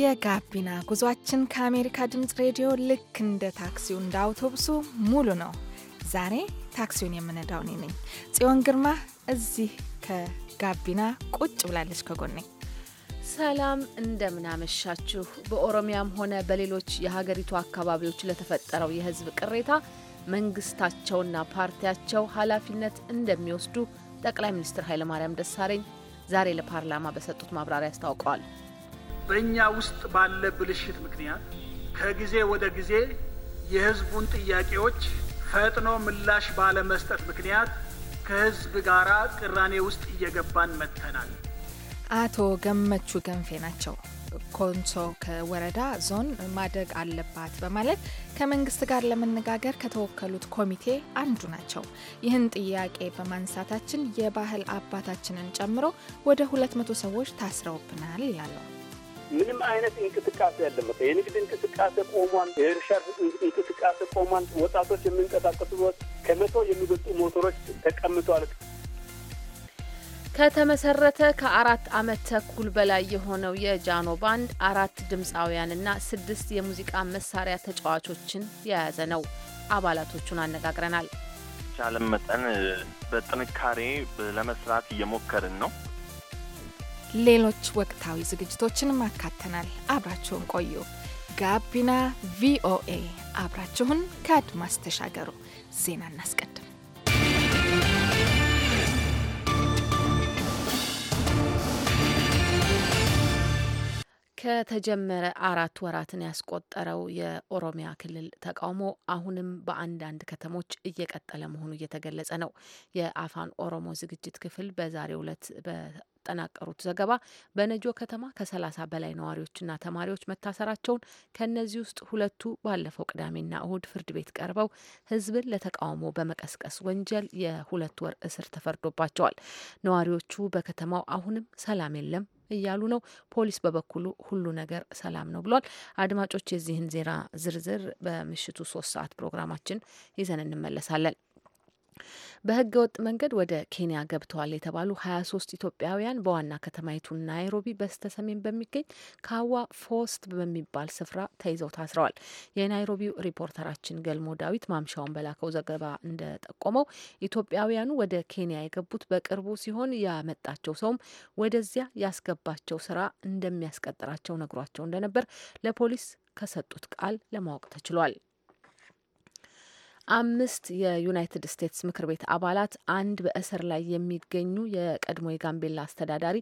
የጋቢና ጉዟችን ከአሜሪካ ድምፅ ሬዲዮ ልክ እንደ ታክሲው እንደ አውቶቡሱ ሙሉ ነው። ዛሬ ታክሲውን የምነዳው እኔ ነኝ ጽዮን ግርማ። እዚህ ከጋቢና ቁጭ ብላለች ከጎኔ። ሰላም እንደምናመሻችሁ። በኦሮሚያም ሆነ በሌሎች የሀገሪቱ አካባቢዎች ለተፈጠረው የህዝብ ቅሬታ መንግስታቸውና ፓርቲያቸው ኃላፊነት እንደሚወስዱ ጠቅላይ ሚኒስትር ኃይለማርያም ደሳለኝ ዛሬ ለፓርላማ በሰጡት ማብራሪያ አስታውቀዋል። በእኛ ውስጥ ባለ ብልሽት ምክንያት ከጊዜ ወደ ጊዜ የህዝቡን ጥያቄዎች ፈጥኖ ምላሽ ባለመስጠት ምክንያት ከህዝብ ጋር ቅራኔ ውስጥ እየገባን መጥተናል። አቶ ገመቹ ገንፌ ናቸው። ኮንሶ ከወረዳ ዞን ማደግ አለባት በማለት ከመንግስት ጋር ለመነጋገር ከተወከሉት ኮሚቴ አንዱ ናቸው። ይህን ጥያቄ በማንሳታችን የባህል አባታችንን ጨምሮ ወደ ሁለት መቶ ሰዎች ታስረውብናል ይላሉ። ምንም አይነት እንቅስቃሴ ያለበት የንግድ እንቅስቃሴ ቆሟል። የእርሻ እንቅስቃሴ ቆሟል። ወጣቶች የሚንቀሳቀሱበት ከመቶ የሚበልጡ ሞተሮች ተቀምጠዋል። ከተመሰረተ ከአራት ዓመት ተኩል በላይ የሆነው የጃኖ ባንድ አራት ድምፃውያንና ስድስት የሙዚቃ መሳሪያ ተጫዋቾችን የያዘ ነው። አባላቶቹን አነጋግረናል። ቻለም መጠን በጥንካሬ ለመስራት እየሞከርን ነው። ሌሎች ወቅታዊ ዝግጅቶችንም አካተናል። አብራችሁን ቆዩ። ጋቢና ቪኦኤ፣ አብራችሁን ከአድማስ ተሻገሩ። ዜና እናስቀድም። ከተጀመረ አራት ወራትን ያስቆጠረው የኦሮሚያ ክልል ተቃውሞ አሁንም በአንዳንድ ከተሞች እየቀጠለ መሆኑ እየተገለጸ ነው። የአፋን ኦሮሞ ዝግጅት ክፍል በዛሬው ዕለት በጠናቀሩት ዘገባ በነጆ ከተማ ከሰላሳ በላይ ነዋሪዎችና ተማሪዎች መታሰራቸውን ከእነዚህ ውስጥ ሁለቱ ባለፈው ቅዳሜና እሁድ ፍርድ ቤት ቀርበው ሕዝብን ለተቃውሞ በመቀስቀስ ወንጀል የሁለት ወር እስር ተፈርዶባቸዋል። ነዋሪዎቹ በከተማው አሁንም ሰላም የለም እያሉ ነው። ፖሊስ በበኩሉ ሁሉ ነገር ሰላም ነው ብሏል። አድማጮች የዚህን ዜና ዝርዝር በምሽቱ ሶስት ሰዓት ፕሮግራማችን ይዘን እንመለሳለን። በህገ ወጥ መንገድ ወደ ኬንያ ገብተዋል የተባሉ ሶስት ኢትዮጵያውያን በዋና ከተማይቱ ናይሮቢ በስተሰሜን በሚገኝ ካዋ ፎስት በሚባል ስፍራ ተይዘው ታስረዋል። የናይሮቢው ሪፖርተራችን ገልሞ ዳዊት ማምሻውን በላከው ዘገባ እንደጠቆመው ኢትዮጵያውያኑ ወደ ኬንያ የገቡት በቅርቡ ሲሆን ያመጣቸው ሰውም ወደዚያ ያስገባቸው ስራ እንደሚያስቀጥራቸው ነግሯቸው እንደነበር ለፖሊስ ከሰጡት ቃል ለማወቅ ተችሏል። አምስት የዩናይትድ ስቴትስ ምክር ቤት አባላት አንድ በእስር ላይ የሚገኙ የቀድሞ የጋምቤላ አስተዳዳሪ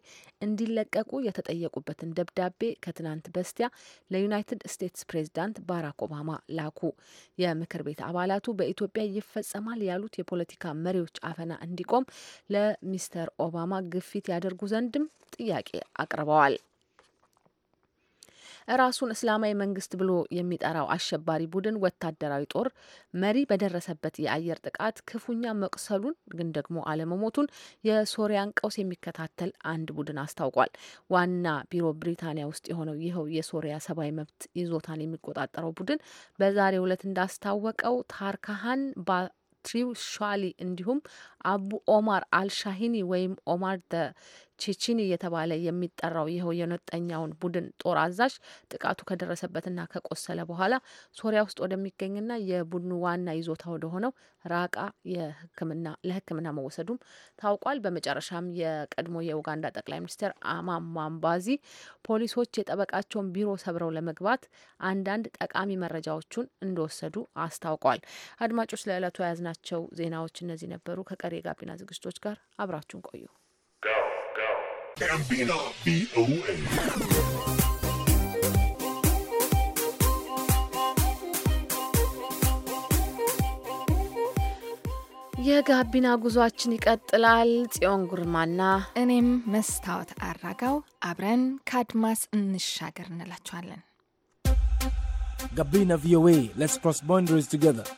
እንዲለቀቁ የተጠየቁበትን ደብዳቤ ከትናንት በስቲያ ለዩናይትድ ስቴትስ ፕሬዚዳንት ባራክ ኦባማ ላኩ። የምክር ቤት አባላቱ በኢትዮጵያ ይፈጸማል ያሉት የፖለቲካ መሪዎች አፈና እንዲቆም ለሚስተር ኦባማ ግፊት ያደርጉ ዘንድም ጥያቄ አቅርበዋል። ራሱን እስላማዊ መንግስት ብሎ የሚጠራው አሸባሪ ቡድን ወታደራዊ ጦር መሪ በደረሰበት የአየር ጥቃት ክፉኛ መቁሰሉን ግን ደግሞ አለመሞቱን የሶሪያን ቀውስ የሚከታተል አንድ ቡድን አስታውቋል። ዋና ቢሮ ብሪታንያ ውስጥ የሆነው ይኸው የሶሪያ ሰብአዊ መብት ይዞታን የሚቆጣጠረው ቡድን በዛሬው ዕለት እንዳስታወቀው ታርካሃን ባትሪው ሻሊ እንዲሁም አቡ ኦማር አልሻሂኒ ወይም ኦማር ደ ቼቺን እየተባለ የሚጠራው ይኸው የነጠኛውን ቡድን ጦር አዛዥ ጥቃቱ ከደረሰበትና ከቆሰለ በኋላ ሶሪያ ውስጥ ወደሚገኝና የቡድኑ ዋና ይዞታ ወደሆነው ራቃ የሕክምና ለሕክምና መወሰዱም ታውቋል። በመጨረሻም የቀድሞ የኡጋንዳ ጠቅላይ ሚኒስትር አማም ማምባዚ ፖሊሶች የጠበቃቸውን ቢሮ ሰብረው ለመግባት አንዳንድ ጠቃሚ መረጃዎቹን እንደወሰዱ አስታውቋል። አድማጮች ለዕለቱ የያዝናቸው ዜናዎች እነዚህ ነበሩ። ከቀሪ የጋቢና ዝግጅቶች ጋር አብራችሁን ቆዩ። Gambino BOA. የጋቢና ጉዟችን ይቀጥላል። ጽዮን ጉርማና እኔም መስታወት አራጋው አብረን ከአድማስ እንሻገር እንላችኋለን። ጋቢና ቪኦኤ ሌትስ ክሮስ ቦንደሪስ ቱጌዘር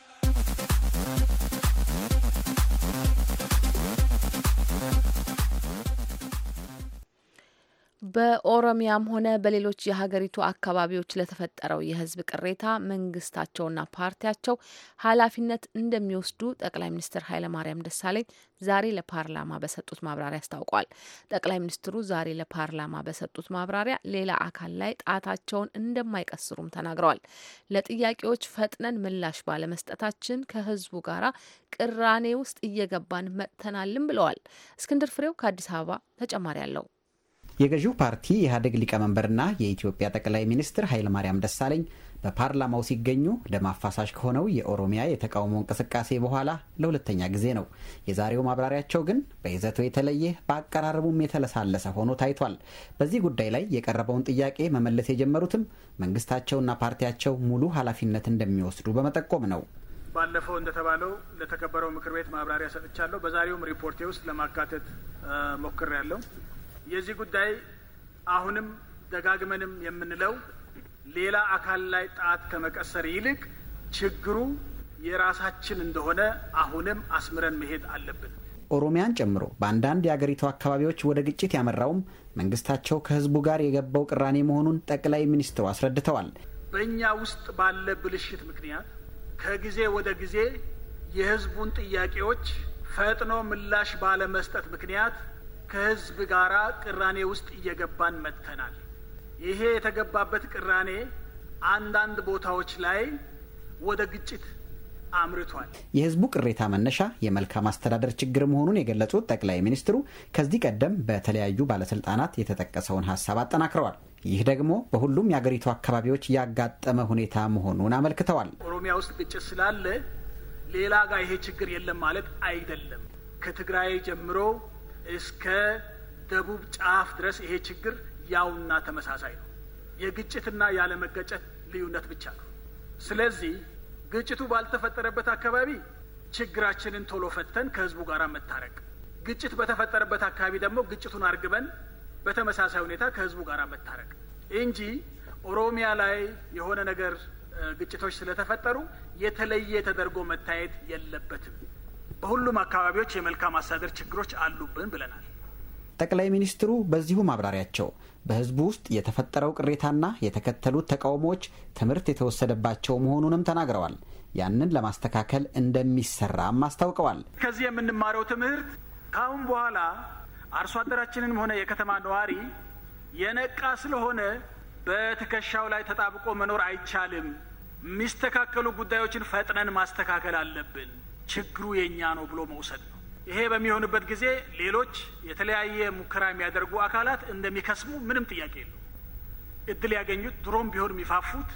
በኦሮሚያም ሆነ በሌሎች የሀገሪቱ አካባቢዎች ለተፈጠረው የህዝብ ቅሬታ መንግስታቸውና ፓርቲያቸው ኃላፊነት እንደሚወስዱ ጠቅላይ ሚኒስትር ኃይለማርያም ደሳለኝ ዛሬ ለፓርላማ በሰጡት ማብራሪያ አስታውቋል። ጠቅላይ ሚኒስትሩ ዛሬ ለፓርላማ በሰጡት ማብራሪያ ሌላ አካል ላይ ጣታቸውን እንደማይቀስሩም ተናግረዋል። ለጥያቄዎች ፈጥነን ምላሽ ባለመስጠታችን ከህዝቡ ጋራ ቅራኔ ውስጥ እየገባን መጥተናልም ብለዋል። እስክንድር ፍሬው ከአዲስ አበባ ተጨማሪ አለው። የገዢው ፓርቲ ኢህአዴግ ሊቀመንበርና የኢትዮጵያ ጠቅላይ ሚኒስትር ኃይለማርያም ደሳለኝ በፓርላማው ሲገኙ ደም አፋሳሽ ከሆነው የኦሮሚያ የተቃውሞ እንቅስቃሴ በኋላ ለሁለተኛ ጊዜ ነው። የዛሬው ማብራሪያቸው ግን በይዘቱ የተለየ በአቀራረቡም የተለሳለሰ ሆኖ ታይቷል። በዚህ ጉዳይ ላይ የቀረበውን ጥያቄ መመለስ የጀመሩትም መንግስታቸውና ፓርቲያቸው ሙሉ ኃላፊነት እንደሚወስዱ በመጠቆም ነው። ባለፈው እንደተባለው ለተከበረው ምክር ቤት ማብራሪያ ሰጥቻለሁ። በዛሬውም ሪፖርቴ ውስጥ ለማካተት ሞክሬያለሁ። የዚህ ጉዳይ አሁንም ደጋግመንም የምንለው ሌላ አካል ላይ ጣት ከመቀሰር ይልቅ ችግሩ የራሳችን እንደሆነ አሁንም አስምረን መሄድ አለብን። ኦሮሚያን ጨምሮ በአንዳንድ የአገሪቱ አካባቢዎች ወደ ግጭት ያመራውም መንግስታቸው ከህዝቡ ጋር የገባው ቅራኔ መሆኑን ጠቅላይ ሚኒስትሩ አስረድተዋል። በእኛ ውስጥ ባለ ብልሽት ምክንያት ከጊዜ ወደ ጊዜ የህዝቡን ጥያቄዎች ፈጥኖ ምላሽ ባለመስጠት ምክንያት ከህዝብ ጋር ቅራኔ ውስጥ እየገባን መጥተናል። ይሄ የተገባበት ቅራኔ አንዳንድ ቦታዎች ላይ ወደ ግጭት አምርቷል። የህዝቡ ቅሬታ መነሻ የመልካም አስተዳደር ችግር መሆኑን የገለጹት ጠቅላይ ሚኒስትሩ ከዚህ ቀደም በተለያዩ ባለስልጣናት የተጠቀሰውን ሀሳብ አጠናክረዋል። ይህ ደግሞ በሁሉም የአገሪቱ አካባቢዎች ያጋጠመ ሁኔታ መሆኑን አመልክተዋል። ኦሮሚያ ውስጥ ግጭት ስላለ ሌላ ጋር ይሄ ችግር የለም ማለት አይደለም። ከትግራይ ጀምሮ እስከ ደቡብ ጫፍ ድረስ ይሄ ችግር ያውና ተመሳሳይ ነው። የግጭትና ያለመገጨት ልዩነት ብቻ ነው። ስለዚህ ግጭቱ ባልተፈጠረበት አካባቢ ችግራችንን ቶሎ ፈተን ከህዝቡ ጋር መታረቅ፣ ግጭት በተፈጠረበት አካባቢ ደግሞ ግጭቱን አርግበን በተመሳሳይ ሁኔታ ከህዝቡ ጋር መታረቅ እንጂ ኦሮሚያ ላይ የሆነ ነገር ግጭቶች ስለተፈጠሩ የተለየ ተደርጎ መታየት የለበትም። በሁሉም አካባቢዎች የመልካም አስተዳደር ችግሮች አሉብን ብለናል። ጠቅላይ ሚኒስትሩ በዚሁ ማብራሪያቸው በህዝቡ ውስጥ የተፈጠረው ቅሬታና የተከተሉት ተቃውሞዎች ትምህርት የተወሰደባቸው መሆኑንም ተናግረዋል። ያንን ለማስተካከል እንደሚሰራም አስታውቀዋል። ከዚህ የምንማረው ትምህርት ከአሁን በኋላ አርሶ አደራችንም ሆነ የከተማ ነዋሪ የነቃ ስለሆነ በትከሻው ላይ ተጣብቆ መኖር አይቻልም። የሚስተካከሉ ጉዳዮችን ፈጥነን ማስተካከል አለብን። ችግሩ የእኛ ነው ብሎ መውሰድ ነው። ይሄ በሚሆንበት ጊዜ ሌሎች የተለያየ ሙከራ የሚያደርጉ አካላት እንደሚከስሙ ምንም ጥያቄ የለው። እድል ያገኙት ድሮም ቢሆን የሚፋፉት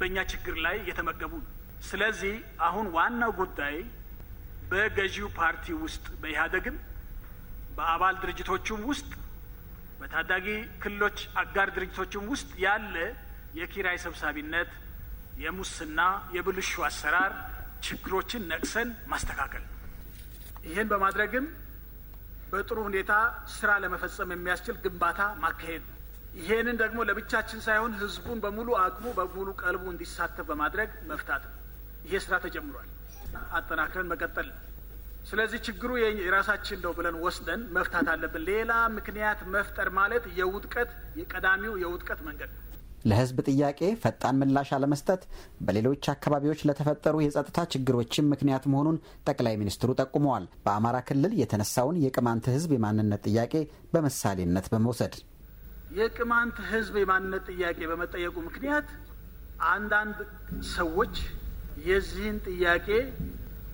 በእኛ ችግር ላይ እየተመገቡ ነው። ስለዚህ አሁን ዋናው ጉዳይ በገዢው ፓርቲ ውስጥ በኢህአዴግም በአባል ድርጅቶቹም ውስጥ በታዳጊ ክልሎች አጋር ድርጅቶችም ውስጥ ያለ የኪራይ ሰብሳቢነት፣ የሙስና፣ የብልሹ አሰራር ችግሮችን ነቅሰን ማስተካከል ነው። ይህን በማድረግም በጥሩ ሁኔታ ስራ ለመፈጸም የሚያስችል ግንባታ ማካሄድ ነው። ይህንን ደግሞ ለብቻችን ሳይሆን ህዝቡን በሙሉ አቅሙ በሙሉ ቀልቡ እንዲሳተፍ በማድረግ መፍታት ነው። ይሄ ስራ ተጀምሯል፣ አጠናክረን መቀጠል ነው። ስለዚህ ችግሩ የራሳችን ነው ብለን ወስደን መፍታት አለብን። ሌላ ምክንያት መፍጠር ማለት የውጥቀት የቀዳሚው የውጥቀት መንገድ ነው። ለህዝብ ጥያቄ ፈጣን ምላሽ አለመስጠት በሌሎች አካባቢዎች ለተፈጠሩ የጸጥታ ችግሮችም ምክንያት መሆኑን ጠቅላይ ሚኒስትሩ ጠቁመዋል። በአማራ ክልል የተነሳውን የቅማንት ህዝብ የማንነት ጥያቄ በምሳሌነት በመውሰድ የቅማንት ህዝብ የማንነት ጥያቄ በመጠየቁ ምክንያት አንዳንድ ሰዎች የዚህን ጥያቄ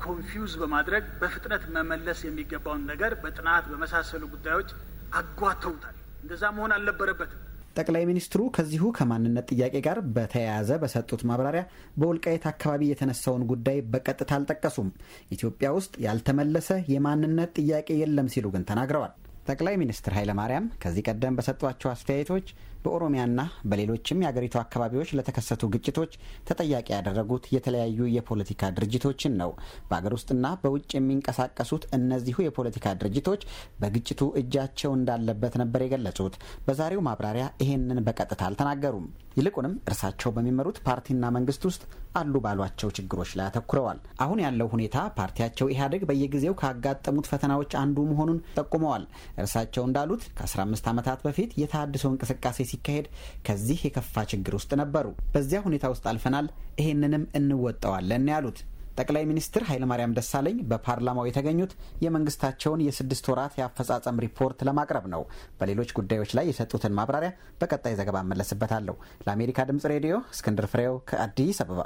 ኮንፊውዝ በማድረግ በፍጥነት መመለስ የሚገባውን ነገር በጥናት በመሳሰሉ ጉዳዮች አጓተውታል። እንደዛ መሆን አልነበረበትም። ጠቅላይ ሚኒስትሩ ከዚሁ ከማንነት ጥያቄ ጋር በተያያዘ በሰጡት ማብራሪያ በወልቃየት አካባቢ የተነሳውን ጉዳይ በቀጥታ አልጠቀሱም። ኢትዮጵያ ውስጥ ያልተመለሰ የማንነት ጥያቄ የለም ሲሉ ግን ተናግረዋል። ጠቅላይ ሚኒስትር ኃይለማርያም ከዚህ ቀደም በሰጧቸው አስተያየቶች በኦሮሚያና በሌሎችም የአገሪቱ አካባቢዎች ለተከሰቱ ግጭቶች ተጠያቂ ያደረጉት የተለያዩ የፖለቲካ ድርጅቶችን ነው። በአገር ውስጥና በውጭ የሚንቀሳቀሱት እነዚሁ የፖለቲካ ድርጅቶች በግጭቱ እጃቸው እንዳለበት ነበር የገለጹት። በዛሬው ማብራሪያ ይሄንን በቀጥታ አልተናገሩም። ይልቁንም እርሳቸው በሚመሩት ፓርቲና መንግስት ውስጥ አሉ ባሏቸው ችግሮች ላይ አተኩረዋል። አሁን ያለው ሁኔታ ፓርቲያቸው ኢህአዴግ በየጊዜው ካጋጠሙት ፈተናዎች አንዱ መሆኑን ጠቁመዋል። እርሳቸው እንዳሉት ከ15 ዓመታት በፊት የተሃድሶ እንቅስቃሴ ሲካሄድ ከዚህ የከፋ ችግር ውስጥ ነበሩ። በዚያ ሁኔታ ውስጥ አልፈናል፣ ይሄንንም እንወጣዋለን ያሉት ጠቅላይ ሚኒስትር ኃይለማርያም ደሳለኝ በፓርላማው የተገኙት የመንግስታቸውን የስድስት ወራት የአፈጻጸም ሪፖርት ለማቅረብ ነው። በሌሎች ጉዳዮች ላይ የሰጡትን ማብራሪያ በቀጣይ ዘገባ እመለስበታለሁ። ለአሜሪካ ድምጽ ሬዲዮ እስክንድር ፍሬው ከአዲስ አበባ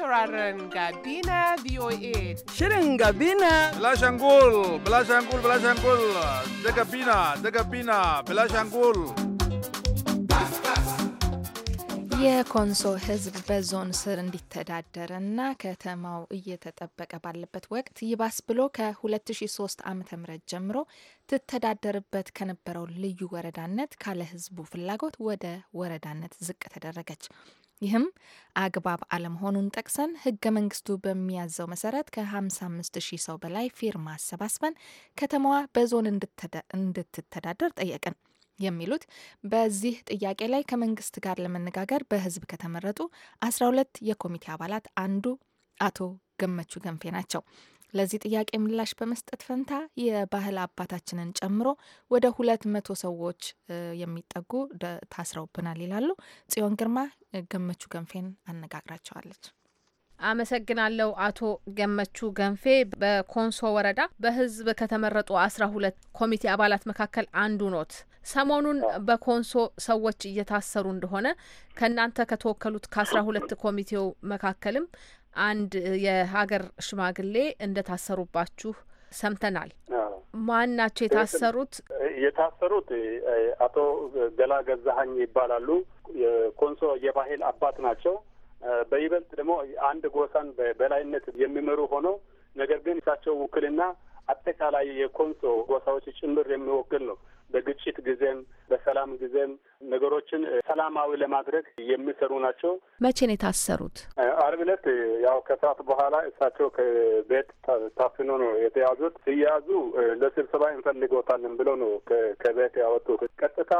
sauraron Gabina VOA. Shirin Gabina. Bilashangul, Bilashangul, Bilashangul, da Gabina, da Gabina, Bilashangul. የኮንሶ ሕዝብ በዞን ስር እንዲተዳደርና ከተማው እየተጠበቀ ባለበት ወቅት ይባስ ብሎ ከ2003 ም ጀምሮ ትተዳደርበት ከነበረው ልዩ ወረዳነት ካለ ሕዝቡ ፍላጎት ወደ ወረዳነት ዝቅ ተደረገች። ይህም አግባብ አለመሆኑን ጠቅሰን ህገ መንግስቱ በሚያዘው መሰረት ከ55 ሺህ ሰው በላይ ፊርማ አሰባስበን ከተማዋ በዞን እንድትተዳደር ጠየቅን የሚሉት በዚህ ጥያቄ ላይ ከመንግስት ጋር ለመነጋገር በህዝብ ከተመረጡ 12 የኮሚቴ አባላት አንዱ አቶ ገመቹ ገንፌ ናቸው። ለዚህ ጥያቄ ምላሽ በመስጠት ፈንታ የባህል አባታችንን ጨምሮ ወደ ሁለት መቶ ሰዎች የሚጠጉ ታስረውብናል ይላሉ። ጽዮን ግርማ ገመቹ ገንፌን አነጋግራቸዋለች። አመሰግናለሁ አቶ ገመቹ ገንፌ በኮንሶ ወረዳ በህዝብ ከተመረጡ አስራ ሁለት ኮሚቴ አባላት መካከል አንዱ ኖት። ሰሞኑን በኮንሶ ሰዎች እየታሰሩ እንደሆነ ከእናንተ ከተወከሉት ከአስራ ሁለት ኮሚቴው መካከልም አንድ የሀገር ሽማግሌ እንደታሰሩባችሁ ሰምተናል። ማን ናቸው የታሰሩት? የታሰሩት አቶ ገላ ገዛሀኝ ይባላሉ። የኮንሶ የባህል አባት ናቸው። በይበልጥ ደግሞ አንድ ጎሳን በላይነት የሚመሩ ሆነው ነገር ግን እሳቸው ውክልና አጠቃላይ የኮንሶ ጎሳዎች ጭምር የሚወክል ነው። በግጭት ጊዜም በሰላም ጊዜም ነገሮችን ሰላማዊ ለማድረግ የሚሰሩ ናቸው። መቼ ነው የታሰሩት? አርብ ዕለት ያው ከሰዓት በኋላ እሳቸው ከቤት ታፍኖ ነው የተያዙት። ሲያዙ ለስብሰባ እንፈልገውታለን ብለው ነው ከቤት ያወጡት። ቀጥታ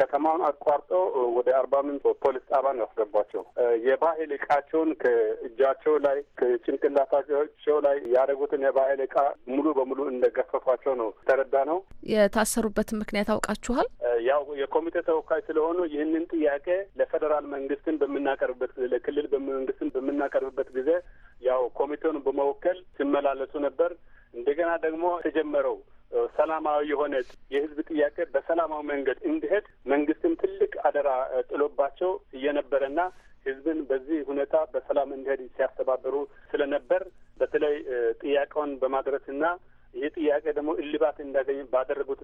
ከተማውን አቋርጦ ወደ አርባ ምንጭ ፖሊስ ጣባ ነው ያስገቧቸው። የባህል እቃቸውን ከእጃቸው ላይ ከጭንቅላታቸው ላይ ያደረጉትን የባህል እቃ ሙሉ በሙሉ እንደገፈፏቸው ነው ተረዳ ነው። የታሰሩበትን ምክንያት አውቃችኋል? ያው የኮሚቴ ተወካይ ስለሆኑ ይህንን ጥያቄ ለፌዴራል መንግስትን በምናቀርብበት ለክልል መንግስትን በምናቀርብበት ጊዜ ያው ኮሚቴውን በመወከል ሲመላለሱ ነበር። እንደገና ደግሞ የተጀመረው ሰላማዊ የሆነ የህዝብ ጥያቄ በሰላማዊ መንገድ እንዲሄድ መንግስትም ትልቅ አደራ ጥሎባቸው እየነበረና ህዝብን በዚህ ሁኔታ በሰላም እንዲሄድ ሲያስተባበሩ ስለነበር በተለይ ጥያቄውን በማድረስና ይህ ጥያቄ ደግሞ እልባት እንዳገኝ ባደረጉት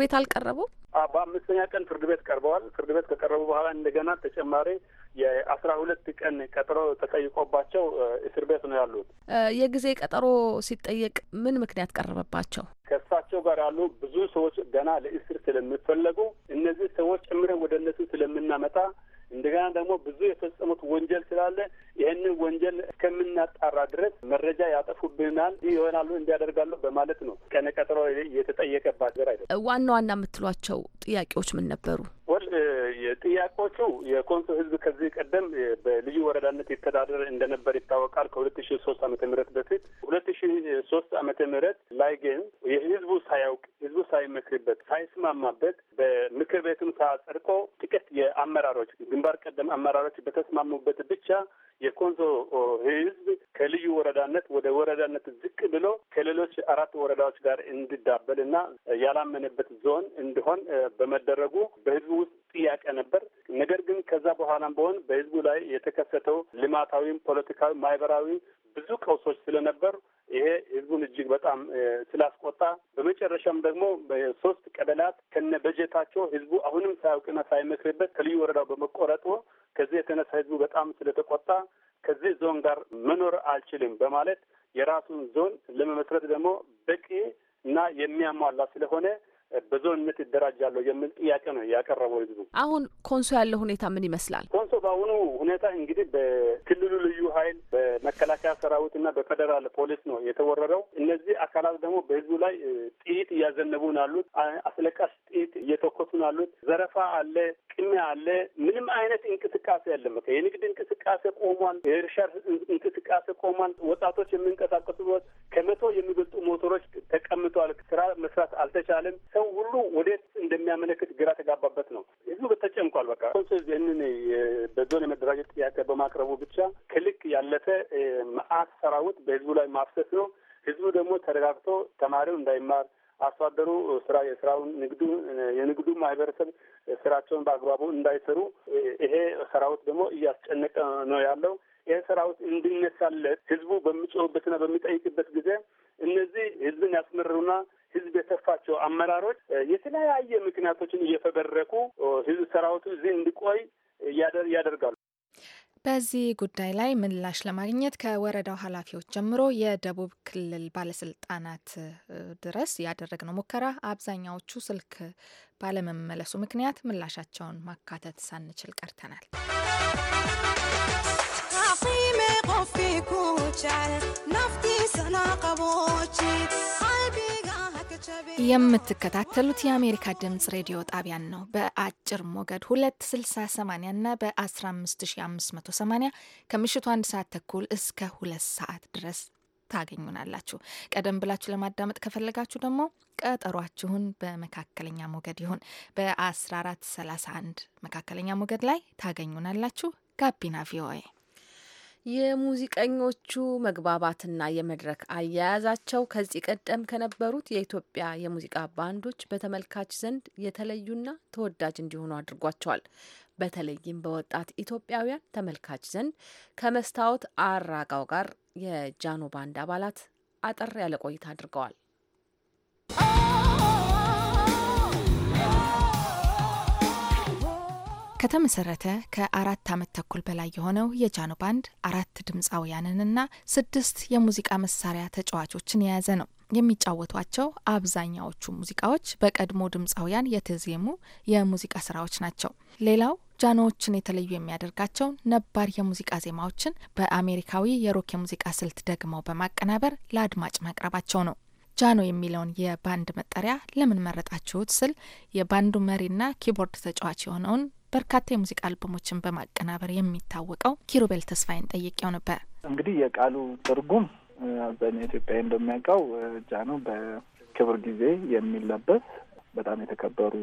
ቤት አልቀረቡም? በአምስተኛ ቀን ፍርድ ቤት ቀርበዋል። ፍርድ ቤት ከቀረቡ በኋላ እንደገና ተጨማሪ የአስራ ሁለት ቀን ቀጠሮ ተጠይቆባቸው እስር ቤት ነው ያሉት። የጊዜ ቀጠሮ ሲጠየቅ ምን ምክንያት ቀረበባቸው? ከእሳቸው ጋር ያሉ ብዙ ሰዎች ገና ለእስር ስለሚፈለጉ እነዚህ ሰዎች ጨምረን ወደ እነሱ ስለምናመጣ እንደገና ደግሞ ብዙ የፈጸሙት ወንጀል ስላለ ይህንን ወንጀል እስከምናጣራ ድረስ መረጃ ያጠፉብናል፣ ይሆናሉ፣ እንዲያደርጋሉ በማለት ነው ቀነ ቀጠሮ የተጠየቀባት ዘር አይደለም። ዋና ዋና የምትሏቸው ጥያቄዎች ምን ነበሩ? ወል ጥያቄዎቹ የኮንሶ ህዝብ ከዚህ ቀደም በልዩ ወረዳነት ይተዳደር እንደነበር ይታወቃል። ከሁለት ሺ ሶስት አመተ ምህረት በፊት ሁለት ሺ ሶስት አመተ ምህረት ላይ ግን የህዝቡ ሳያውቅ ህዝቡ ሳይመክርበት ሳይስማማበት በምክር ቤቱም ሳጸድቆ ጥቂት የአመራሮች ግንባር ቀደም አመራሮች በተስማሙበት ብቻ የኮንሶ ህዝብ ከልዩ ወረዳነት ወደ ወረዳነት ዝቅ ብሎ ከሌሎች አራት ወረዳዎች ጋር እንዲዳበል እና ያላመነበት ዞን እንዲሆን በመደረጉ በህዝቡ ውስጥ ጥያቄ ነበር። ነገር ግን ከዛ በኋላም በሆን በህዝቡ ላይ የተከሰተው ልማታዊም፣ ፖለቲካዊ፣ ማህበራዊ ብዙ ቀውሶች ስለነበሩ ይሄ ህዝቡን እጅግ በጣም ስላስቆጣ በመጨረሻም ደግሞ ሶስት ቀበላት ከነ በጀታቸው ህዝቡ አሁንም ሳያውቅና ሳይመክርበት ከልዩ ወረዳው በመቆረጡ ከዚህ የተነሳ ህዝቡ በጣም ስለተቆጣ ከዚህ ዞን ጋር መኖር አልችልም በማለት የራሱን ዞን ለመመስረት ደግሞ በቂ እና የሚያሟላ ስለሆነ በዞንነት ይደራጃለሁ የሚል ጥያቄ ነው ያቀረበው ህዝቡ። አሁን ኮንሶ ያለው ሁኔታ ምን ይመስላል? በአሁኑ ሁኔታ እንግዲህ በክልሉ ልዩ ኃይል በመከላከያ ሰራዊት እና በፌደራል ፖሊስ ነው የተወረረው። እነዚህ አካላት ደግሞ በህዝቡ ላይ ጥይት እያዘነቡ ናሉት፣ አስለቃሽ ጥይት እየተኮሱ ናሉት። ዘረፋ አለ፣ ቅሚያ አለ። ምንም አይነት እንቅስቃሴ ያለም የንግድ እንቅስቃሴ ቆሟል። የእርሻ እንቅስቃሴ ቆሟል። ወጣቶች የሚንቀሳቀሱበት ከመቶ የሚበልጡ ሞተሮች ተቀምጠዋል። ስራ መስራት አልተቻለም። ሰው ሁሉ ወዴት እንደሚያመለክት ግራ ተጋባበት ነው። ተጨንቋል። በቃ ኮንሰል ይህንን በዞን የመደራጀት ጥያቄ በማቅረቡ ብቻ ከልክ ያለፈ መዓት ሰራዊት በህዝቡ ላይ ማፍሰስ ነው። ህዝቡ ደግሞ ተረጋግቶ ተማሪው እንዳይማር አርሶ አደሩ ስራ የስራውን ንግዱ የንግዱ ማህበረሰብ ስራቸውን በአግባቡ እንዳይሰሩ ይሄ ሰራዊት ደግሞ እያስጨነቀ ነው ያለው። ይሄ ሰራዊት እንዲነሳለት ህዝቡ በሚጮህበትና በሚጠይቅበት ጊዜ እነዚህ ህዝብን ያስመርሩና ያልተተፋቸው አመራሮች የተለያየ ምክንያቶችን እየፈበረኩ ህዝብ ሰራዊቱ እዚህ እንዲቆይ ያደርጋሉ። በዚህ ጉዳይ ላይ ምላሽ ለማግኘት ከወረዳው ኃላፊዎች ጀምሮ የደቡብ ክልል ባለስልጣናት ድረስ ያደረግነው ሙከራ አብዛኛዎቹ ስልክ ባለመመለሱ ምክንያት ምላሻቸውን ማካተት ሳንችል ቀርተናል። የምትከታተሉት የአሜሪካ ድምፅ ሬዲዮ ጣቢያን ነው። በአጭር ሞገድ 268 እና በ15580 ከምሽቱ አንድ ሰዓት ተኩል እስከ ሁለት ሰዓት ድረስ ታገኙናላችሁ። ቀደም ብላችሁ ለማዳመጥ ከፈለጋችሁ ደግሞ ቀጠሯችሁን በመካከለኛ ሞገድ ይሁን በ1431 መካከለኛ ሞገድ ላይ ታገኙናላችሁ። ጋቢና ቪኦኤ የሙዚቀኞቹ መግባባትና የመድረክ አያያዛቸው ከዚህ ቀደም ከነበሩት የኢትዮጵያ የሙዚቃ ባንዶች በተመልካች ዘንድ የተለዩና ተወዳጅ እንዲሆኑ አድርጓቸዋል። በተለይም በወጣት ኢትዮጵያውያን ተመልካች ዘንድ ከመስታወት አራጋው ጋር የጃኖ ባንድ አባላት አጠር ያለ ቆይታ አድርገዋል። ከተመሰረተ ከአራት ዓመት ተኩል በላይ የሆነው የጃኖ ባንድ አራት ድምፃውያንንና ስድስት የሙዚቃ መሳሪያ ተጫዋቾችን የያዘ ነው። የሚጫወቷቸው አብዛኛዎቹ ሙዚቃዎች በቀድሞ ድምፃውያን የተዜሙ የሙዚቃ ስራዎች ናቸው። ሌላው ጃኖዎችን የተለዩ የሚያደርጋቸው ነባር የሙዚቃ ዜማዎችን በአሜሪካዊ የሮክ የሙዚቃ ስልት ደግመው በማቀናበር ለአድማጭ ማቅረባቸው ነው። ጃኖ የሚለውን የባንድ መጠሪያ ለምን መረጣችሁት ስል የባንዱ መሪና ኪቦርድ ተጫዋች የሆነውን በርካታ የሙዚቃ አልበሞችን በማቀናበር የሚታወቀው ኪሩቤል ተስፋዬን ጠይቄው ነበር። እንግዲህ የቃሉ ትርጉም አብዛኛው ኢትዮጵያዊ እንደሚያውቀው ጃኖ በክብር ጊዜ የሚለበስ በጣም የተከበሩ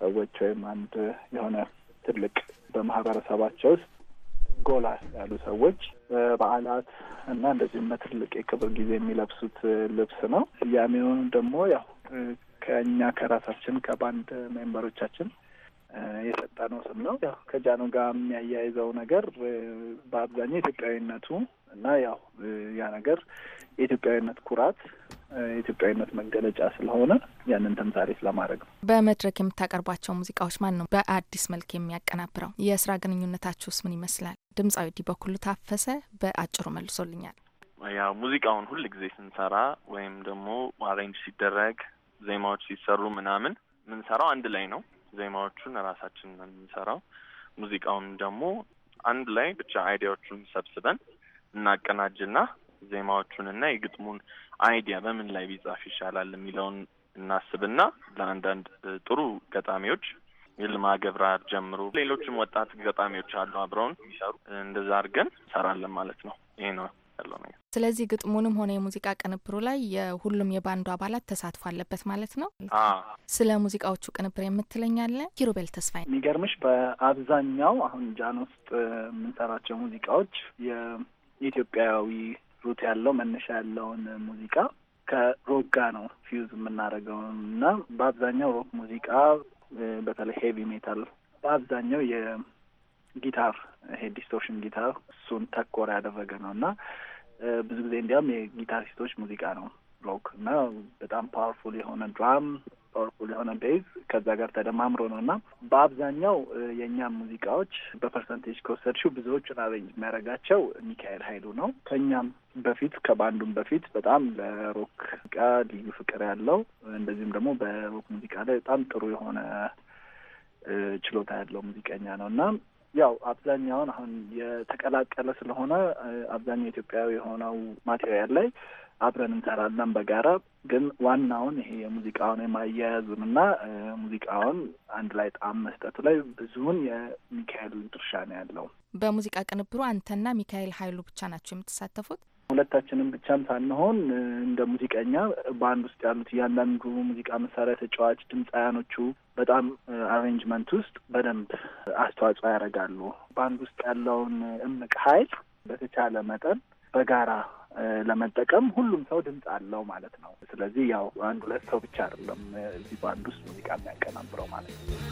ሰዎች ወይም አንድ የሆነ ትልቅ በማህበረሰባቸው ውስጥ ጎላ ያሉ ሰዎች በበዓላት እና እንደዚህም በትልቅ የክብር ጊዜ የሚለብሱት ልብስ ነው። ያሚሆኑ ደግሞ ያው ከእኛ ከራሳችን ከባንድ ሜምበሮቻችን የሰጠ ነው ስም ነው። ያው ከጃኖ ጋር የሚያያይዘው ነገር በአብዛኛው ኢትዮጵያዊነቱ እና ያው ያ ነገር የኢትዮጵያዊነት ኩራት የኢትዮጵያዊነት መገለጫ ስለሆነ ያንን ተምሳሌት ለማድረግ ነው። በመድረክ የምታቀርቧቸው ሙዚቃዎች ማን ነው በአዲስ መልክ የሚያቀናብረው? የስራ ግንኙነታችሁስ ምን ይመስላል? ድምፃዊ ዲበኩሉ ታፈሰ በአጭሩ መልሶልኛል። ያው ሙዚቃውን ሁል ጊዜ ስንሰራ ወይም ደግሞ አሬንጅ ሲደረግ ዜማዎች ሲሰሩ ምናምን ምንሰራው አንድ ላይ ነው ዜማዎቹን ራሳችን ነን የምንሰራው። ሙዚቃውን ደግሞ አንድ ላይ ብቻ አይዲያዎቹን ሰብስበን እናቀናጅና ዜማዎቹንና የግጥሙን አይዲያ በምን ላይ ቢጻፍ ይሻላል የሚለውን እናስብና ለአንዳንድ ጥሩ ገጣሚዎች ይልማ ገብረአብ ጀምሮ ሌሎችም ወጣት ገጣሚዎች አሉ አብረውን የሚሰሩ እንደዛ አድርገን እንሰራለን ማለት ነው። ይሄ ነው ያለው ነገር። ስለዚህ ግጥሙንም ሆነ የሙዚቃ ቅንብሩ ላይ የሁሉም የባንዱ አባላት ተሳትፎ አለበት ማለት ነው። ስለ ሙዚቃዎቹ ቅንብር የምትለኛለ ኪሩቤል ተስፋዬ፣ የሚገርምሽ በአብዛኛው አሁን ጃን ውስጥ የምንሰራቸው ሙዚቃዎች የኢትዮጵያዊ ሩት ያለው መነሻ ያለውን ሙዚቃ ከሮክ ጋ ነው ፊውዝ የምናደርገው እና በአብዛኛው ሮክ ሙዚቃ በተለይ ሄቪ ሜታል በአብዛኛው ጊታር ይሄ ዲስቶርሽን ጊታር እሱን ተኮር ያደረገ ነው እና ብዙ ጊዜ እንዲያውም የጊታሪስቶች ሙዚቃ ነው ሮክ እና በጣም ፓወርፉል የሆነ ድራም ፓወርፉል የሆነ ቤዝ ከዛ ጋር ተደማምሮ ነው እና በአብዛኛው የእኛም ሙዚቃዎች በፐርሰንቴጅ ከወሰድሽው ብዙዎቹን አሬንጅ የሚያደርጋቸው ሚካኤል ኃይሉ ነው። ከእኛም በፊት ከባንዱም በፊት በጣም ለሮክ ሙዚቃ ልዩ ፍቅር ያለው እንደዚሁም ደግሞ በሮክ ሙዚቃ ላይ በጣም ጥሩ የሆነ ችሎታ ያለው ሙዚቀኛ ነው እና ያው አብዛኛውን አሁን የተቀላቀለ ስለሆነ አብዛኛው ኢትዮጵያዊ የሆነው ማቴሪያል ላይ አብረን እንሰራለን በጋራ ግን ዋናውን ይሄ የሙዚቃውን የማያያዙን እና ሙዚቃውን አንድ ላይ ጣዕም መስጠቱ ላይ ብዙውን የሚካኤል ድርሻ ነው ያለው። በሙዚቃ ቅንብሩ አንተና ሚካኤል ኃይሉ ብቻ ናቸው የምትሳተፉት? ሁለታችንም ብቻም ሳንሆን እንደ ሙዚቀኛ ባንድ ውስጥ ያሉት እያንዳንዱ ሙዚቃ መሳሪያ ተጫዋች ድምፃያኖቹ በጣም አሬንጅመንት ውስጥ በደንብ አስተዋጽኦ ያደርጋሉ። በአንድ ውስጥ ያለውን እምቅ ኃይል በተቻለ መጠን በጋራ ለመጠቀም ሁሉም ሰው ድምፅ አለው ማለት ነው። ስለዚህ ያው አንድ ሁለት ሰው ብቻ አይደለም እዚህ በአንድ ውስጥ ሙዚቃ የሚያቀናብረው ማለት ነው።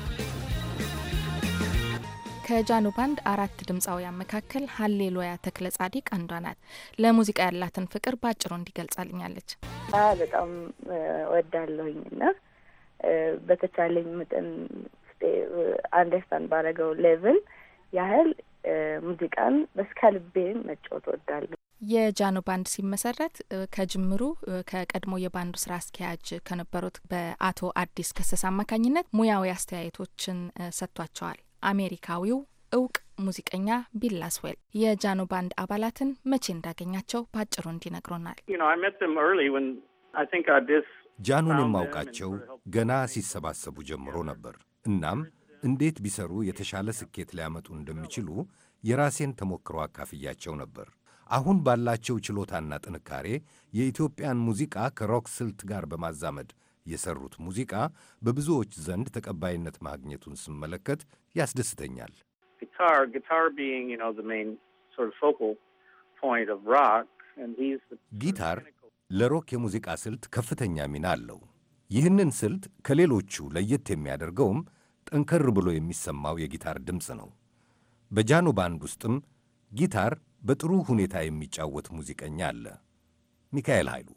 ከጃኖ ባንድ አራት ድምፃውያን መካከል ሀሌሉያ ተክለ ጻዲቅ አንዷ ናት። ለሙዚቃ ያላትን ፍቅር በአጭሩ እንዲገልጻልኛለች። በጣም ወዳለሁኝ እና በተቻለኝ መጠን አንደርስታንድ ባረገው ሌቭል ያህል ሙዚቃን በስከ መጫወት ወዳለሁ። የጃኖ ባንድ ሲመሰረት ከጅምሩ ከቀድሞ የባንዱ ስራ አስኪያጅ ከነበሩት በአቶ አዲስ ከሰስ አማካኝነት ሙያዊ አስተያየቶችን ሰጥቷቸዋል። አሜሪካዊው እውቅ ሙዚቀኛ ቢል ላስዌል የጃኖ ባንድ አባላትን መቼ እንዳገኛቸው በአጭሩ እንዲነግሩናል ጃኖን የማውቃቸው ገና ሲሰባሰቡ ጀምሮ ነበር። እናም እንዴት ቢሰሩ የተሻለ ስኬት ሊያመጡ እንደሚችሉ የራሴን ተሞክሮ አካፍያቸው ነበር። አሁን ባላቸው ችሎታና ጥንካሬ የኢትዮጵያን ሙዚቃ ከሮክ ስልት ጋር በማዛመድ የሰሩት ሙዚቃ በብዙዎች ዘንድ ተቀባይነት ማግኘቱን ስመለከት ያስደስተኛል። ጊታር ለሮክ የሙዚቃ ስልት ከፍተኛ ሚና አለው። ይህንን ስልት ከሌሎቹ ለየት የሚያደርገውም ጠንከር ብሎ የሚሰማው የጊታር ድምፅ ነው። በጃኖ ባንድ ውስጥም ጊታር በጥሩ ሁኔታ የሚጫወት ሙዚቀኛ አለ። ሚካኤል ኃይሉ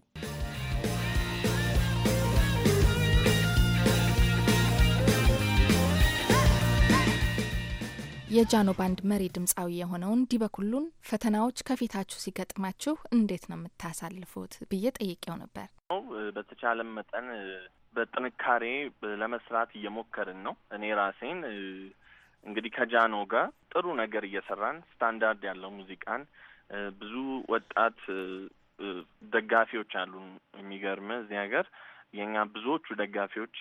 የጃኖ ባንድ መሪ ድምፃዊ የሆነውን ዲበኩሉን ፈተናዎች ከፊታችሁ ሲገጥማችሁ እንዴት ነው የምታሳልፉት ብዬ ጠይቄው ነበር። በተቻለ መጠን በጥንካሬ ለመስራት እየሞከርን ነው። እኔ ራሴን እንግዲህ ከጃኖ ጋር ጥሩ ነገር እየሰራን ስታንዳርድ ያለው ሙዚቃን ብዙ ወጣት ደጋፊዎች አሉ። የሚገርም እዚህ ሀገር የኛ ብዙዎቹ ደጋፊዎች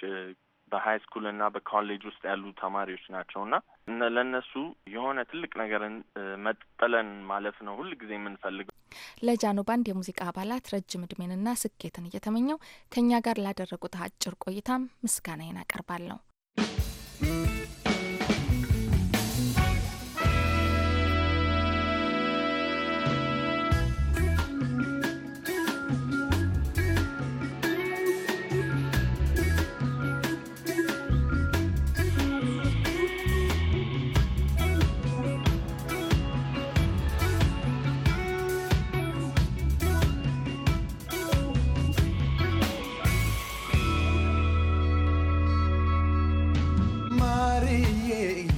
በሀይ ስኩል እና በኮሌጅ ውስጥ ያሉ ተማሪዎች ናቸው እና ለእነሱ የሆነ ትልቅ ነገርን መጥለን ማለፍ ነው ሁል ጊዜ የምንፈልገው። ለጃኖ ባንድ የሙዚቃ አባላት ረጅም እድሜንና ስኬትን እየተመኘው ከእኛ ጋር ላደረጉት አጭር ቆይታም ምስጋናዬን አቀርባለሁ።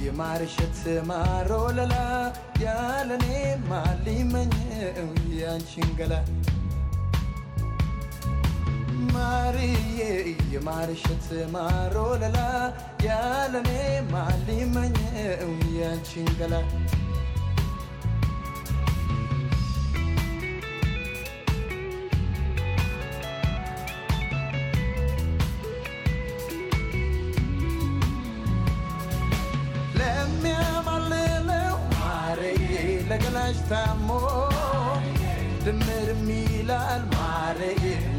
የማርሸት ማሮ ለላ ያለኔ ማሊመኘው ያንቺን ገላ ማርዬ የማርሸት ማሮ ያለኔ ማሊመኘው ያንቺን ገላ ታሞ ድምር ሚላል ማሬ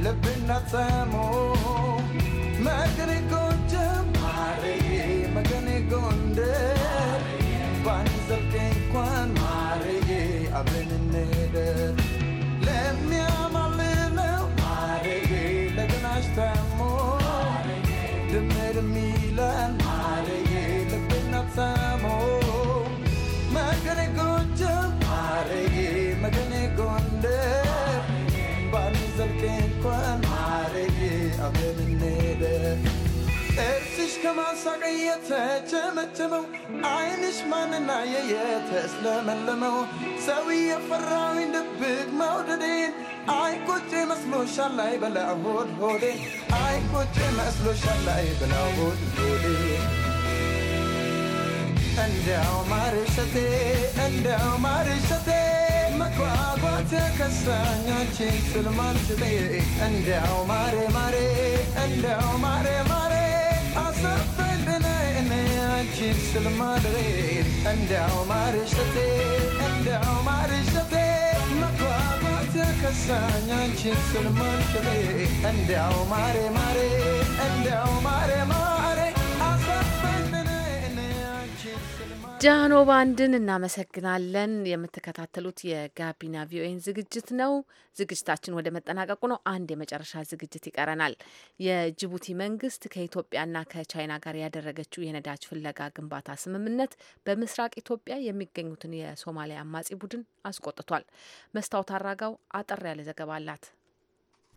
ልብና ተሞ መገኔ ጎንደር ማረግ መገኔ ጎንደር ባንዘልቅ እንኳን ማረግ አብረን እንሄደር ለሚያማልለው ማረግ ለገናሽ ታሞ ድምር ሚላል ማረግ ከማሳቅ የተቸመቸመው አይንሽ ማንና የተስለመለመው ሰው የፈራዊ ድብቅ መውደዴን አይቆጭ መስሎሻል ላይ በላ ሆድ ሆዴ አይቆጭ መስሎሻል ላይ በላ ሆድ ሆዴ እንደው ማርሸቴ እንደው ማርሸቴ መጓጓት ከሳኛችን እንደው ማሬ ማሬ እንደው ማሬ ማሬ and mare, mare, mare, mare. and ጃኖ ባንድን እናመሰግናለን። የምትከታተሉት የጋቢና ቪኦኤን ዝግጅት ነው። ዝግጅታችን ወደ መጠናቀቁ ነው። አንድ የመጨረሻ ዝግጅት ይቀረናል። የጅቡቲ መንግስት ከኢትዮጵያና ከቻይና ጋር ያደረገችው የነዳጅ ፍለጋ ግንባታ ስምምነት በምስራቅ ኢትዮጵያ የሚገኙትን የሶማሊያ አማጺ ቡድን አስቆጥቷል። መስታወት አራጋው አጠር ያለ ዘገባ አላት።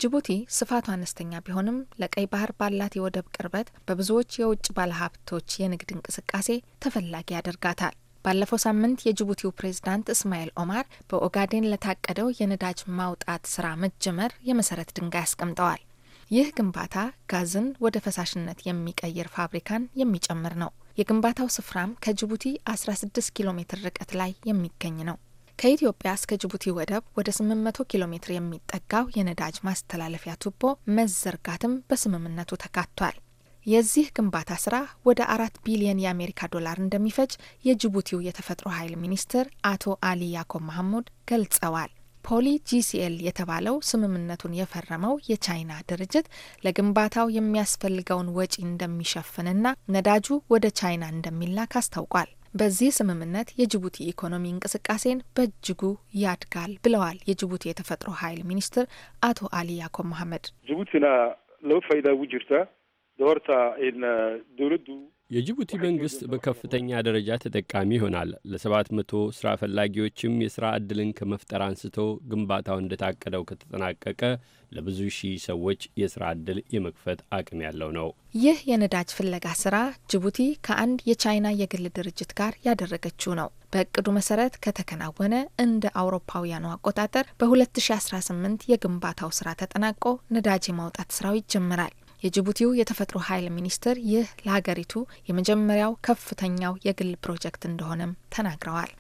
ጅቡቲ ስፋቱ አነስተኛ ቢሆንም ለቀይ ባህር ባላት የወደብ ቅርበት በብዙዎች የውጭ ባለሀብቶች የንግድ እንቅስቃሴ ተፈላጊ ያደርጋታል። ባለፈው ሳምንት የጅቡቲው ፕሬዝዳንት እስማኤል ኦማር በኦጋዴን ለታቀደው የነዳጅ ማውጣት ስራ መጀመር የመሰረት ድንጋይ አስቀምጠዋል። ይህ ግንባታ ጋዝን ወደ ፈሳሽነት የሚቀይር ፋብሪካን የሚጨምር ነው። የግንባታው ስፍራም ከጅቡቲ 16 ኪሎ ሜትር ርቀት ላይ የሚገኝ ነው። ከኢትዮጵያ እስከ ጅቡቲ ወደብ ወደ 800 ኪሎ ሜትር የሚጠጋው የነዳጅ ማስተላለፊያ ቱቦ መዘርጋትም በስምምነቱ ተካቷል። የዚህ ግንባታ ስራ ወደ አራት ቢሊየን የአሜሪካ ዶላር እንደሚፈጅ የጅቡቲው የተፈጥሮ ኃይል ሚኒስትር አቶ አሊ ያኮብ መሐሙድ ገልጸዋል። ፖሊ ጂሲኤል የተባለው ስምምነቱን የፈረመው የቻይና ድርጅት ለግንባታው የሚያስፈልገውን ወጪ እንደሚሸፍንና ነዳጁ ወደ ቻይና እንደሚላክ አስታውቋል። በዚህ ስምምነት የጅቡቲ ኢኮኖሚ እንቅስቃሴን በእጅጉ ያድጋል ብለዋል የጅቡቲ የተፈጥሮ ኃይል ሚኒስትር አቶ አሊ ያኮብ መሐመድ ጅቡቲና ለበ ፋይዳ ውጅርታ ኢነ ዶለዱ የጅቡቲ መንግስት በከፍተኛ ደረጃ ተጠቃሚ ይሆናል። ለሰባት መቶ ስራ ፈላጊዎችም የስራ ዕድልን ከመፍጠር አንስቶ ግንባታው እንደታቀደው ከተጠናቀቀ ለብዙ ሺህ ሰዎች የስራ ዕድል የመክፈት አቅም ያለው ነው። ይህ የነዳጅ ፍለጋ ስራ ጅቡቲ ከአንድ የቻይና የግል ድርጅት ጋር ያደረገችው ነው። በእቅዱ መሰረት ከተከናወነ እንደ አውሮፓውያኑ አቆጣጠር በ2018 የግንባታው ስራ ተጠናቆ ነዳጅ የማውጣት ስራው ይጀምራል። የጅቡቲው የተፈጥሮ ኃይል ሚኒስትር ይህ ለሀገሪቱ የመጀመሪያው ከፍተኛው የግል ፕሮጀክት እንደሆነም ተናግረዋል።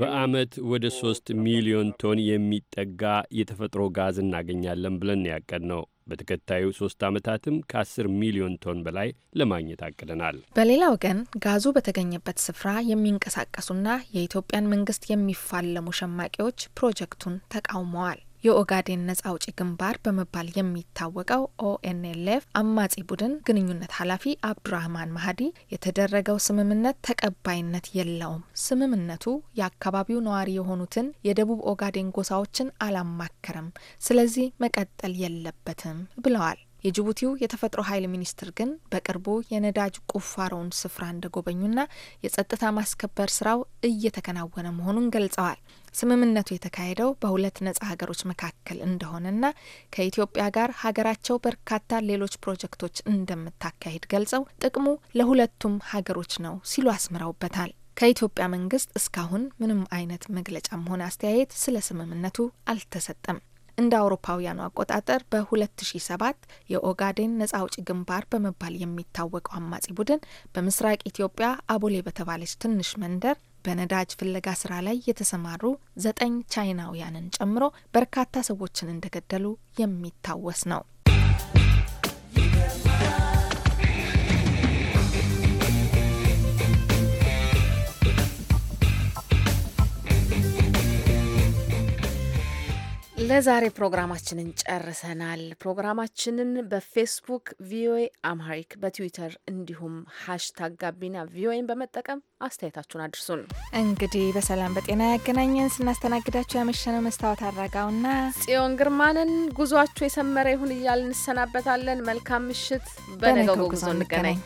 በአመት ወደ ሶስት ሚሊዮን ቶን የሚጠጋ የተፈጥሮ ጋዝ እናገኛለን ብለን ያቀድ ነው። በተከታዩ ሶስት ዓመታትም ከ10 ሚሊዮን ቶን በላይ ለማግኘት አቅደናል። በሌላ ወገን ጋዙ በተገኘበት ስፍራ የሚንቀሳቀሱና የኢትዮጵያን መንግስት የሚፋለሙ ሸማቂዎች ፕሮጀክቱን ተቃውመዋል። የኦጋዴን ነጻ አውጪ ግንባር በመባል የሚታወቀው ኦኤንኤልኤፍ አማጺ ቡድን ግንኙነት ኃላፊ አብዱራህማን ማሀዲ የተደረገው ስምምነት ተቀባይነት የለውም፣ ስምምነቱ የአካባቢው ነዋሪ የሆኑትን የደቡብ ኦጋዴን ጎሳዎችን አላማከረም፣ ስለዚህ መቀጠል የለበትም ብለዋል። የጅቡቲው የተፈጥሮ ኃይል ሚኒስትር ግን በቅርቡ የነዳጅ ቁፋሮውን ስፍራ እንደጎበኙና የጸጥታ ማስከበር ስራው እየተከናወነ መሆኑን ገልጸዋል። ስምምነቱ የተካሄደው በሁለት ነጻ ሀገሮች መካከል እንደሆነና ከኢትዮጵያ ጋር ሀገራቸው በርካታ ሌሎች ፕሮጀክቶች እንደምታካሂድ ገልጸው ጥቅሙ ለሁለቱም ሀገሮች ነው ሲሉ አስምረውበታል። ከኢትዮጵያ መንግስት እስካሁን ምንም አይነት መግለጫም ሆነ አስተያየት ስለ ስምምነቱ አልተሰጠም። እንደ አውሮፓውያኑ አቆጣጠር በ2007 የኦጋዴን ነጻ አውጭ ግንባር በመባል የሚታወቀው አማጺ ቡድን በምስራቅ ኢትዮጵያ አቦሌ በተባለች ትንሽ መንደር በነዳጅ ፍለጋ ስራ ላይ የተሰማሩ ዘጠኝ ቻይናውያንን ጨምሮ በርካታ ሰዎችን እንደገደሉ የሚታወስ ነው። ለዛሬ ፕሮግራማችንን ጨርሰናል። ፕሮግራማችንን በፌስቡክ ቪኦኤ አምሃሪክ፣ በትዊተር እንዲሁም ሀሽታግ ጋቢና ቪኦኤን በመጠቀም አስተያየታችሁን አድርሱን። እንግዲህ በሰላም በጤና ያገናኘን። ስናስተናግዳችሁ ያመሸነው መስታወት አድራጋውና ጽዮን ግርማንን ጉዟችሁ የሰመረ ይሁን እያል እንሰናበታለን። መልካም ምሽት። በነገው ጉዞ እንገናኝ።